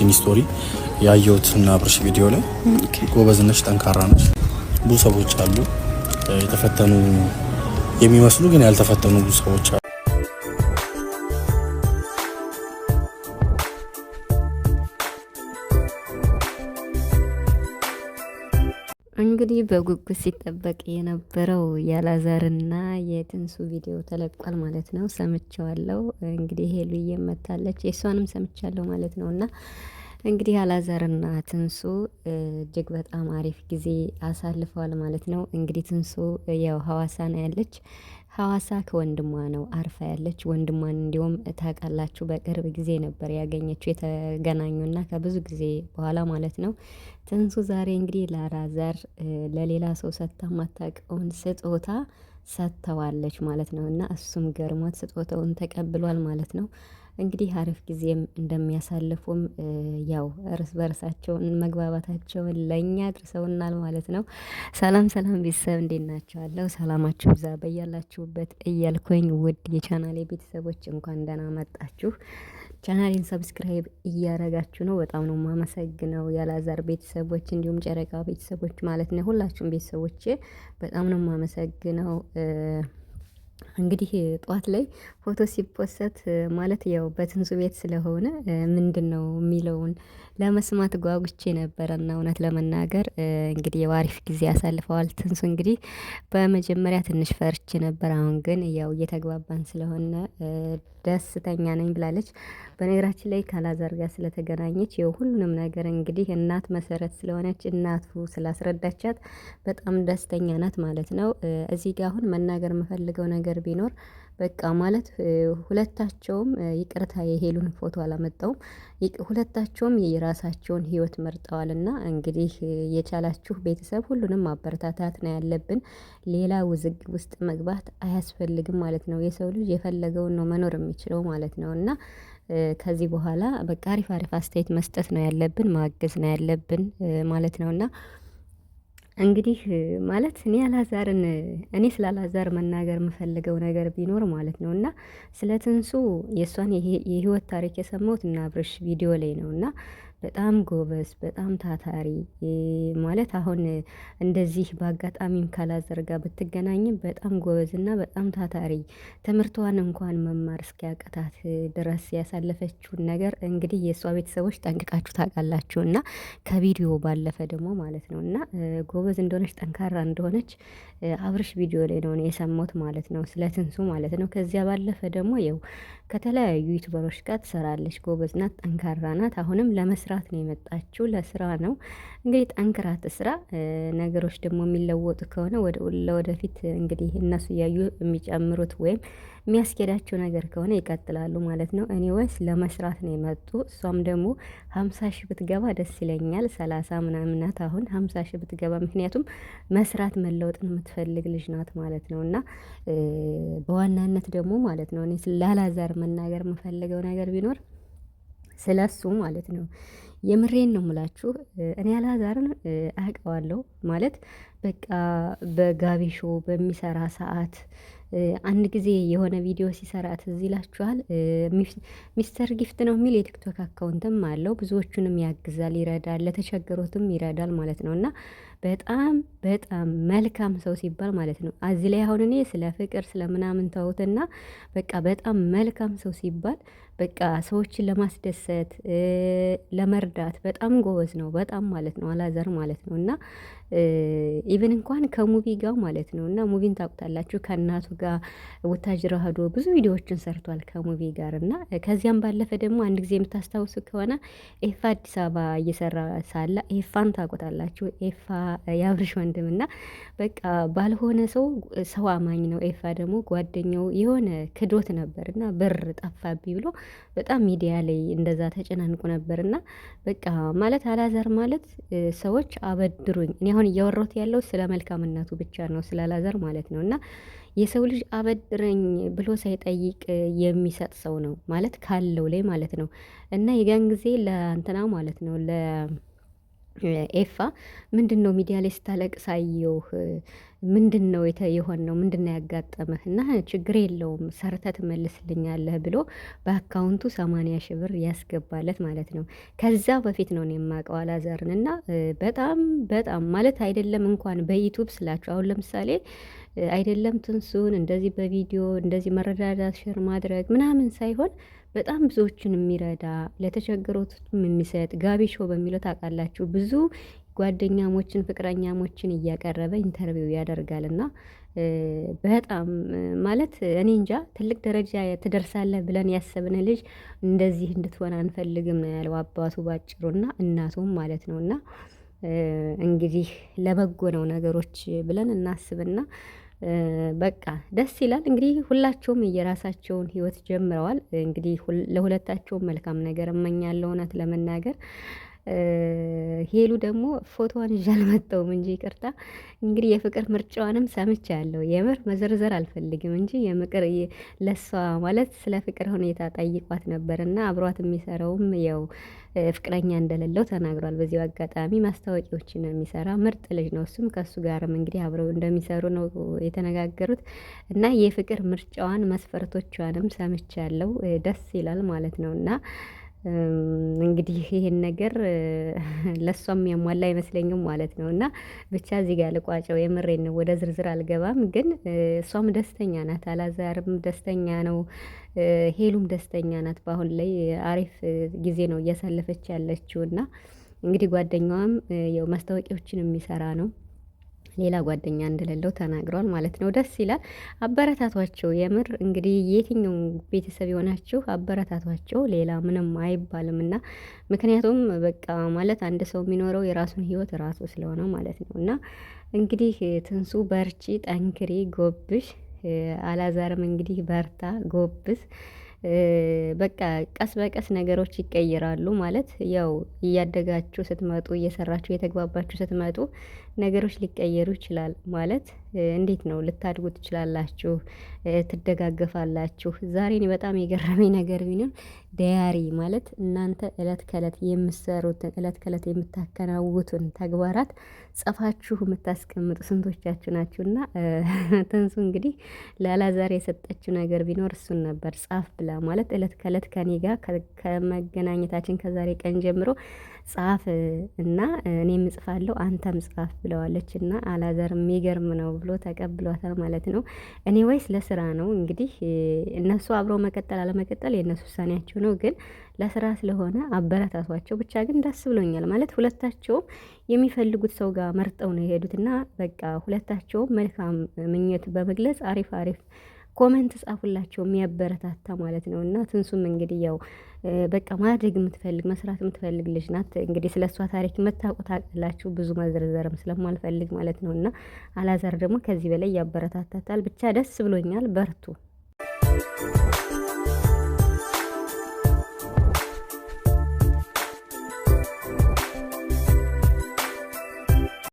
ያንቺን ስቶሪ ያየሁት እና አብርሽ ቪዲዮ ላይ ጎበዝ ነሽ፣ ጠንካራ ነሽ። ብዙ ሰዎች አሉ የተፈተኑ የሚመስሉ ግን ያልተፈተኑ ብዙ ሰዎች አሉ። እንግዲህ በጉጉት ሲጠበቅ የነበረው የአላዛርና የትንሱ ቪዲዮ ተለቋል ማለት ነው። ሰምቸዋለው። እንግዲህ ሄሉ እየመታለች የእሷንም ሰምቻለሁ ማለት ነው። እና እንግዲህ አላዛርና ትንሱ እጅግ በጣም አሪፍ ጊዜ አሳልፈዋል ማለት ነው። እንግዲህ ትንሱ ያው ሀዋሳ ነው ያለች ሐዋሳ ከወንድሟ ነው አርፋ ያለች። ወንድሟን እንዲሁም ታውቃላችሁ፣ በቅርብ ጊዜ ነበር ያገኘችው የተገናኙና ከብዙ ጊዜ በኋላ ማለት ነው። ትንሱ ዛሬ እንግዲህ ለአላዛር ለሌላ ሰው ሰጥታ ማታውቀውን ስጦታ ሰጥተዋለች ማለት ነው እና እሱም ገርሞት ስጦታውን ተቀብሏል ማለት ነው። እንግዲህ አሪፍ ጊዜም እንደሚያሳልፉም ያው እርስ በርሳቸውን መግባባታቸውን ለእኛ አድርሰውናል ማለት ነው። ሰላም ሰላም ቤተሰብ እንዴት ናቸዋለሁ? ሰላማችሁ ብዛ በያላችሁበት እያልኩኝ ውድ የቻናሌ ቤተሰቦች እንኳን ደህና መጣችሁ። ቻናሌን ሰብስክራይብ እያረጋችሁ ነው፣ በጣም ነው ማመሰግነው። ያላዛር ቤተሰቦች እንዲሁም ጨረቃ ቤተሰቦች ማለት ነው ሁላችሁም ቤተሰቦች በጣም ነው ማመሰግነው። እንግዲህ ጠዋት ላይ ፎቶ ሲፖሰት ማለት ያው በትንሱ ቤት ስለሆነ ምንድን ነው የሚለውን ለመስማት ጓጉቼ ነበረና እውነት ለመናገር እንግዲህ የዋሪፍ ጊዜ ያሳልፈዋል። ትንሱ እንግዲህ በመጀመሪያ ትንሽ ፈርቼ ነበር። አሁን ግን ያው እየተግባባን ስለሆነ ደስተኛ ነኝ ብላለች። በነገራችን ላይ ካላዛር ጋር ስለተገናኘች ይኸው ሁሉንም ነገር እንግዲህ እናት መሰረት ስለሆነች እናቱ ስላስረዳቻት በጣም ደስተኛ ናት ማለት ነው። እዚህ ጋር አሁን መናገር የምፈልገው ነገር ቢኖር በቃ ማለት ሁለታቸውም ይቅርታ የሄሉን ፎቶ አላመጣውም። ሁለታቸውም የራሳቸውን ህይወት መርጠዋልና እንግዲህ የቻላችሁ ቤተሰብ ሁሉንም ማበረታታት ነው ያለብን። ሌላ ውዝግብ ውስጥ መግባት አያስፈልግም ማለት ነው። የሰው ልጅ የፈለገውን ነው መኖር የሚችለው ማለት ነው። እና ከዚህ በኋላ በቃ አሪፍ አሪፍ አስተያየት መስጠት ነው ያለብን ማገዝ ነው ያለብን ማለት ነው። እና እንግዲህ ማለት እኔ አላዛርን እኔ ስለ አላዛር መናገር የምፈልገው ነገር ቢኖር ማለት ነው እና ስለ ትንሱ የእሷን የህይወት ታሪክ የሰማሁት እና አብርሽ ቪዲዮ ላይ ነው እና በጣም ጎበዝ፣ በጣም ታታሪ ማለት አሁን እንደዚህ በአጋጣሚም ካላዘር ጋር ብትገናኝም በጣም ጎበዝ እና በጣም ታታሪ ትምህርቷን እንኳን መማር እስኪያቀታት ድረስ ያሳለፈችውን ነገር እንግዲህ የእሷ ቤተሰቦች ጠንቅቃችሁ ታውቃላችሁ እና ከቪዲዮ ባለፈ ደግሞ ማለት ነው እና ጎበዝ እንደሆነች ጠንካራ እንደሆነች አብርሽ ቪዲዮ ላይ ነው የሰማሁት ማለት ነው፣ ስለ ትንሱ ማለት ነው። ከዚያ ባለፈ ደግሞ ያው ከተለያዩ ዩቱበሮች ጋር ትሰራለች። ጎበዝ ናት፣ ጠንካራ ናት። አሁንም ለመስ ለመስራት ነው የመጣችው፣ ለስራ ነው እንግዲህ ጠንክራ ትስራ። ነገሮች ደግሞ የሚለወጡ ከሆነ ለወደፊት እንግዲህ እነሱ እያዩ የሚጨምሩት ወይም የሚያስኬዳቸው ነገር ከሆነ ይቀጥላሉ ማለት ነው። እኔ ወይስ ለመስራት ነው የመጡ። እሷም ደግሞ ሀምሳ ሺህ ብትገባ ደስ ይለኛል። ሰላሳ ምናምን ናት አሁን ሀምሳ ሺህ ብትገባ፣ ምክንያቱም መስራት መለወጥን የምትፈልግ ልጅ ናት ማለት ነው። እና በዋናነት ደግሞ ማለት ነው እኔ ላላዛር መናገር የምፈልገው ነገር ቢኖር ስለሱ ማለት ነው። የምሬን ነው ምላችሁ። እኔ አላዛርን አውቀዋለሁ ማለት በቃ በጋቢ ሾው በሚሰራ ሰዓት አንድ ጊዜ የሆነ ቪዲዮ ሲሰራ ትዝ ይላችኋል። ሚስተር ጊፍት ነው የሚል የቲክቶክ አካውንትም አለው። ብዙዎቹንም ያግዛል፣ ይረዳል፣ ለተቸገሩትም ይረዳል ማለት ነው እና በጣም በጣም መልካም ሰው ሲባል ማለት ነው። አዚ ላይ አሁን እኔ ስለ ፍቅር ስለ ምናምን ተውትና በቃ በጣም መልካም ሰው ሲባል በቃ ሰዎችን ለማስደሰት ለመርዳት በጣም ጎበዝ ነው። በጣም ማለት ነው አላዘር ማለት ነው። እና ኢቨን እንኳን ከሙቪ ጋር ማለት ነው እና ሙቪን ታውቁታላችሁ። ከእናቱ ጋር ወታጅራ ሄዶ ብዙ ቪዲዮዎችን ሰርቷል ከሙቪ ጋር እና ከዚያም ባለፈ ደግሞ አንድ ጊዜ የምታስታውሱ ከሆነ ኤፋ አዲስ አበባ እየሰራ ሳለ ኤፋን ታውቁታላችሁ ኤፋ የአብርሽ ወንድም እና በቃ ባልሆነ ሰው ሰው አማኝ ነው። ኤፋ ደግሞ ጓደኛው የሆነ ክዶት ነበር እና ብር ጠፋብኝ ብሎ በጣም ሚዲያ ላይ እንደዛ ተጨናንቁ ነበር እና በቃ ማለት አላዛር ማለት ሰዎች አበድሩኝ። እኔ አሁን እያወራሁት ያለው ስለ መልካምነቱ ብቻ ነው፣ ስለ አላዛር ማለት ነው እና የሰው ልጅ አበድረኝ ብሎ ሳይጠይቅ የሚሰጥ ሰው ነው ማለት ካለው ላይ ማለት ነው እና የጋን ጊዜ ለእንትና ማለት ነው ለ ኤፋ ምንድን ነው ሚዲያ ላይ ስታለቅ አየሁ ምንድን ነው የሆን ነው ምንድን ነው ያጋጠመህ? እና ችግር የለውም ሰርተ ትመልስልኛለህ ብሎ በአካውንቱ ሰማንያ ሺህ ብር ያስገባለት ማለት ነው። ከዛ በፊት ነው የማውቀው አላዛርን እና በጣም በጣም ማለት አይደለም እንኳን በዩቱብ ስላቸው አሁን ለምሳሌ አይደለም ትንሱን እንደዚህ በቪዲዮ እንደዚህ መረዳዳት ሽር ማድረግ ምናምን ሳይሆን በጣም ብዙዎችን የሚረዳ ለተቸገሩትም የሚሰጥ ጋቢ ሾው በሚለው ታውቃላችሁ ብዙ ጓደኛሞችን ፍቅረኛሞችን እያቀረበ ኢንተርቪው ያደርጋል እና በጣም ማለት እኔ እንጃ ትልቅ ደረጃ ትደርሳለህ ብለን ያሰብን ልጅ እንደዚህ እንድትሆን አንፈልግም ነው ያለው አባቱ ባጭሩና እናቱም ማለት ነው። እና እንግዲህ ለበጎ ነው ነገሮች ብለን እናስብና በቃ ደስ ይላል። እንግዲህ ሁላቸውም የየራሳቸውን ህይወት ጀምረዋል። እንግዲህ ለሁለታቸውም መልካም ነገር እመኛለሁ እውነት ለመናገር ሄሉ ደግሞ ፎቶዋን ይዤ አልመጣሁም እንጂ ይቅርታ። እንግዲህ የፍቅር ምርጫዋንም ሰምቻለሁ። የምር መዘርዘር አልፈልግም እንጂ የምቅር ለሷ ማለት ስለ ፍቅር ሁኔታ ጠይቋት ነበር እና አብሯት የሚሰራውም ያው ፍቅረኛ እንደሌለው ተናግሯል። በዚሁ አጋጣሚ ማስታወቂያዎችን ነው የሚሰራ፣ ምርጥ ልጅ ነው። እሱም ከእሱ ጋርም እንግዲህ አብረው እንደሚሰሩ ነው የተነጋገሩት እና የፍቅር ምርጫዋን መስፈርቶቿንም ሰምቻለሁ። ደስ ይላል ማለት ነው እና እንግዲህ ይሄን ነገር ለእሷም ያሟላ አይመስለኝም ማለት ነው። እና ብቻ እዚህ ጋር ልቋጨው፣ የምሬን ነው። ወደ ዝርዝር አልገባም፣ ግን እሷም ደስተኛ ናት፣ አላዛርም ደስተኛ ነው፣ ሄሉም ደስተኛ ናት። በአሁን ላይ አሪፍ ጊዜ ነው እያሳለፈች ያለችው እና እንግዲህ ጓደኛዋም ያው ማስታወቂያዎችን የሚሰራ ነው ሌላ ጓደኛ እንደሌለው ተናግሯል ማለት ነው። ደስ ይላል። አበረታቷቸው። የምር እንግዲህ የትኛው ቤተሰብ የሆናችሁ አበረታቷቸው። ሌላ ምንም አይባልም እና ምክንያቱም በቃ ማለት አንድ ሰው የሚኖረው የራሱን ህይወት ራሱ ስለሆነ ማለት ነው። እና እንግዲህ ትንሱ በርቺ፣ ጠንክሪ፣ ጎብሽ። አላዛርም እንግዲህ በርታ፣ ጎብስ በቃ ቀስ በቀስ ነገሮች ይቀየራሉ ማለት ያው እያደጋችሁ ስትመጡ እየሰራችሁ እየተግባባችሁ ስትመጡ ነገሮች ሊቀየሩ ይችላል ማለት እንዴት ነው ልታድጉ ትችላላችሁ፣ ትደጋገፋላችሁ። ዛሬ በጣም የገረመኝ ነገር ቢኖር ዳያሪ ማለት እናንተ እለት ከእለት የምትሰሩትን እለት ከእለት የምታከናውቱን ተግባራት ጽፋችሁ የምታስቀምጡ ስንቶቻችሁ ናችሁ? እና ትንሱ እንግዲህ ዛሬ የሰጠችው ነገር ቢኖር እሱን ነበር። ጻፍ ብላ ማለት እለት ከእለት ከኔ ጋር ከመገናኘታችን ከዛሬ ቀን ጀምሮ ጻፍ እና እኔም እጽፋለሁ አንተም ጻፍ ብለዋለች። እና አላዘር የሚገርም ነው። ብሎ ተቀብሏታል ማለት ነው። እኔ ወይስ ለስራ ነው እንግዲህ እነሱ አብሮ መቀጠል አለመቀጠል የእነሱ ውሳኔያቸው ነው፣ ግን ለስራ ስለሆነ አበረታቷቸው። ብቻ ግን ደስ ብሎኛል ማለት ሁለታቸውም የሚፈልጉት ሰው ጋር መርጠው ነው የሄዱት እና በቃ ሁለታቸውም መልካም ምኞት በመግለጽ አሪፍ አሪፍ ኮመንት ጻፉላቸው የሚያበረታታ ማለት ነው። እና ትንሱም እንግዲህ ያው በቃ ማድረግ የምትፈልግ መስራት የምትፈልግ ልጅ ናት። እንግዲህ ስለ እሷ ታሪክ መታውቁ ታውቃላችሁ፣ ብዙ መዘርዘርም ስለማልፈልግ ማለት ነው። እና አላዛር ደግሞ ከዚህ በላይ ያበረታታታል። ብቻ ደስ ብሎኛል። በርቱ